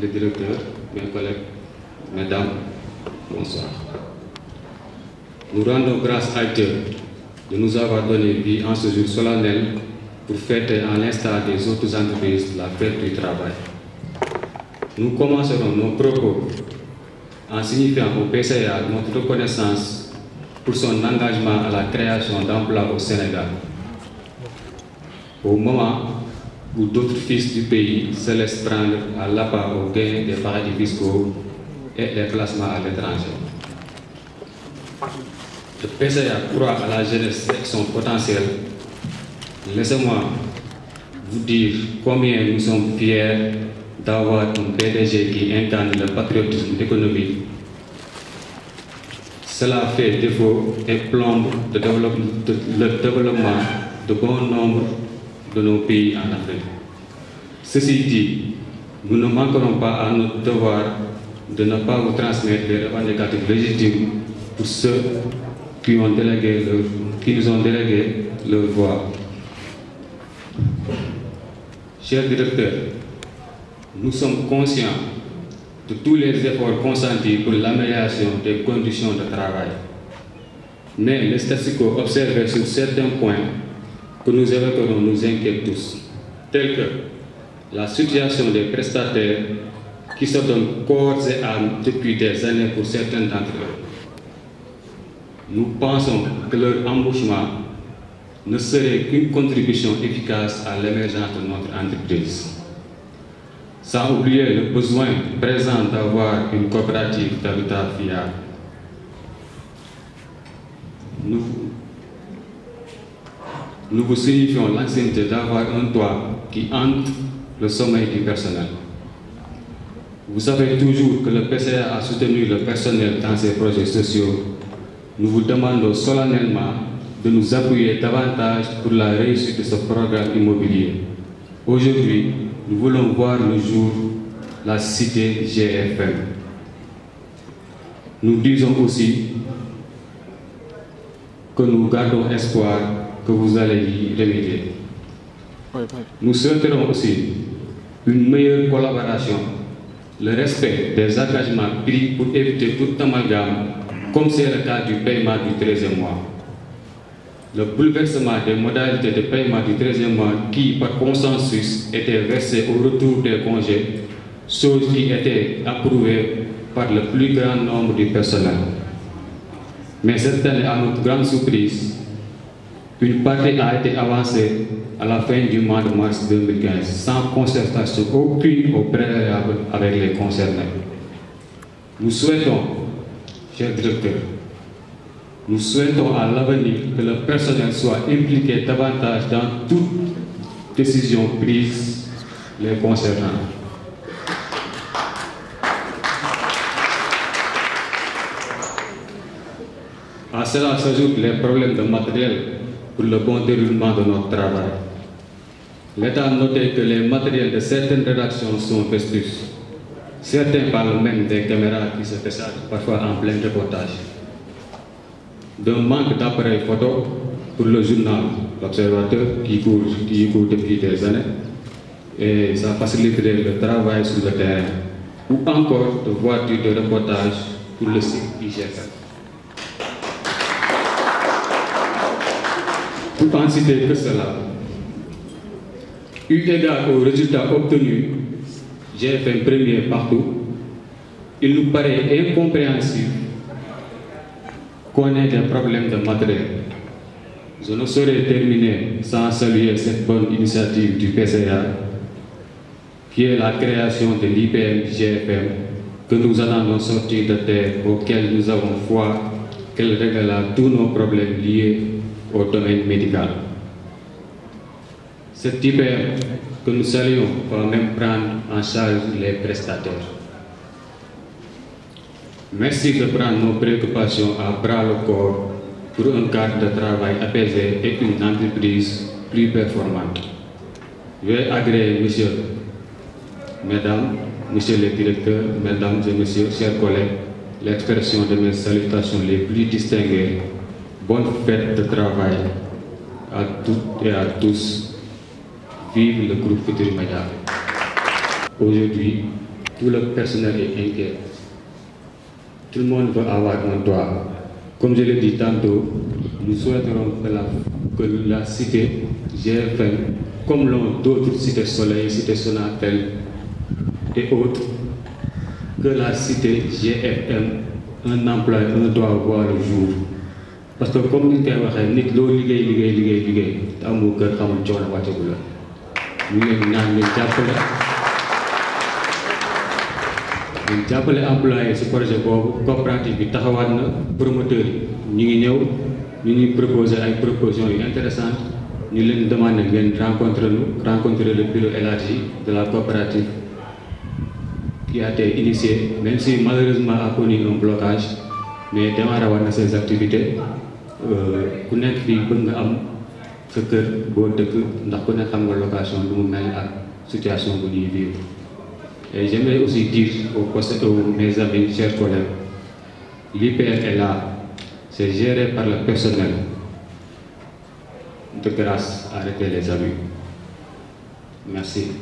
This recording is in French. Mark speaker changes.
Speaker 1: le directeur, mes collègues, mesdames, bonsoir. Nous rendons grâce à Dieu de nous avoir donné vie en ce jour solennel pour fêter en l'instar des autres entreprises la fête du travail. Nous commencerons nos propos en signifiant au PCA notre reconnaissance pour son engagement à la création d'emplois au Sénégal. Au moment ou d'autres fils du pays se laissent prendre à l'appât au gain des paradis fiscaux et des placements à l'étranger. Le PCA croit à la jeunesse et son potentiel. Laissez-moi vous dire combien nous sommes fiers d'avoir un PDG qui intègre le patriotisme économique. Cela fait défaut et plombe le développement de bon nombre de nos pays en Afrique. Ceci dit, nous ne manquerons pas à notre devoir de ne pas vous transmettre les revendicatives légitimes pour ceux qui, ont délégué qui nous ont délégué leur voix. Cher directeur, nous sommes conscients de tous les efforts consentis pour l'amélioration des conditions de travail. Mais les statistiques observés sur certains points que nous évoquerons nous inquiète tous, tels que la situation des prestataires qui se donnent corps depuis des années pour certains d'entre eux. Nous pensons que leur embauchement ne serait qu'une contribution efficace à l'émergence de notre entreprise. Sans oublier le besoin présent d'avoir une coopérative d'habitat fiable. Nous nous vous signifions l'anxiété d'avoir un toit qui hante le sommeil du personnel. Vous savez toujours que le PCA a soutenu le personnel dans ses projets sociaux. Nous vous demandons solennellement de nous appuyer davantage pour la réussite de ce programme immobilier. Aujourd'hui, nous voulons voir le jour la cité GFM. Nous disons aussi que nous gardons espoir que vous allez y remédier. Nous souhaiterons aussi une meilleure collaboration, le respect des engagements pris pour éviter tout amalgame, comme c'est le cas du paiement du 13e mois. Le bouleversement des modalités de paiement du 13e mois qui, par consensus, était versé au retour des congés, chose qui était approuvée par le plus grand nombre du personnel. Mais cette à notre grande surprise, une partie a été avancée à la fin du mois de mars 2015 sans concertation aucune au préalable avec les concernés. Nous souhaitons, cher directeur, nous souhaitons à l'avenir que le personnel soit impliqué davantage dans toute décision prise les concernant. À cela s'ajoutent les problèmes de matériel pour le bon déroulement de notre travail. L'État a noté que les matériels de certaines rédactions sont festus. Certains parlent même des caméras qui se passent parfois en plein reportage. D'un manque d'appareils photo pour le journal L'Observateur qui court, court depuis des années et ça faciliterait le travail sur le terrain ou encore de voitures de reportage pour le site IGF. pour en citer que cela. Eu égard aux résultats obtenus, j'ai fait premier partout, il nous paraît incompréhensible qu'on ait des problèmes de matériel. Je ne saurais terminer sans saluer cette bonne initiative du PCA, qui est la création de l'IPM-GFM, que nous allons sortir de terre, auquel nous avons foi qu'elle réglera tous nos problèmes liés au domaine médical. C'est hyper que nous saluons pour même prendre en charge les prestataires. Merci de prendre nos préoccupations à bras le corps pour un cadre de travail apaisé et une entreprise plus performante. vais agréer, monsieur, mesdames, monsieur le directeur, mesdames et messieurs, chers collègues, l'expression de mes salutations les plus distinguées Bonne fête de travail à toutes et à tous. Vive le groupe Futur Maya. Aujourd'hui, tout le personnel est inquiet. Tout le monde veut avoir un droit. Comme je l'ai dit tantôt, nous souhaiterons que la, cité GFM, comme l'ont d'autres cités Soleil, cité sonatelles et autres, que la cité GFM, un emploi, un doit avoir le jour. parce que comme ni ñu koy waxee nit loo liggéey liggéey liggéey liggéey te amoo kër xamul coono wàccagul la ñu leen ñaan ngeen jàppale ngeen jàppale employé si projet boobu coopérative bi taxawaat na promoteur yi ñu ngi ñëw ñu ngi proposer ay propositions yu intéressantes ñu leen demande ngeen rencontrer nous rencontrer le bureau élargi de la coopérative qui a été initié même si malheureusement a connu un blocage mais démarrer dans ces activités connaître les bonnes âmes, ce am vous kër de dëkk ndax ku nekk xam location nous mu mel situation que vous vivez. et j'aimerais aussi dire aux mes amis chers collègues l'IPR est là c'est géré par le personnel de grâce arrêtez les amis merci.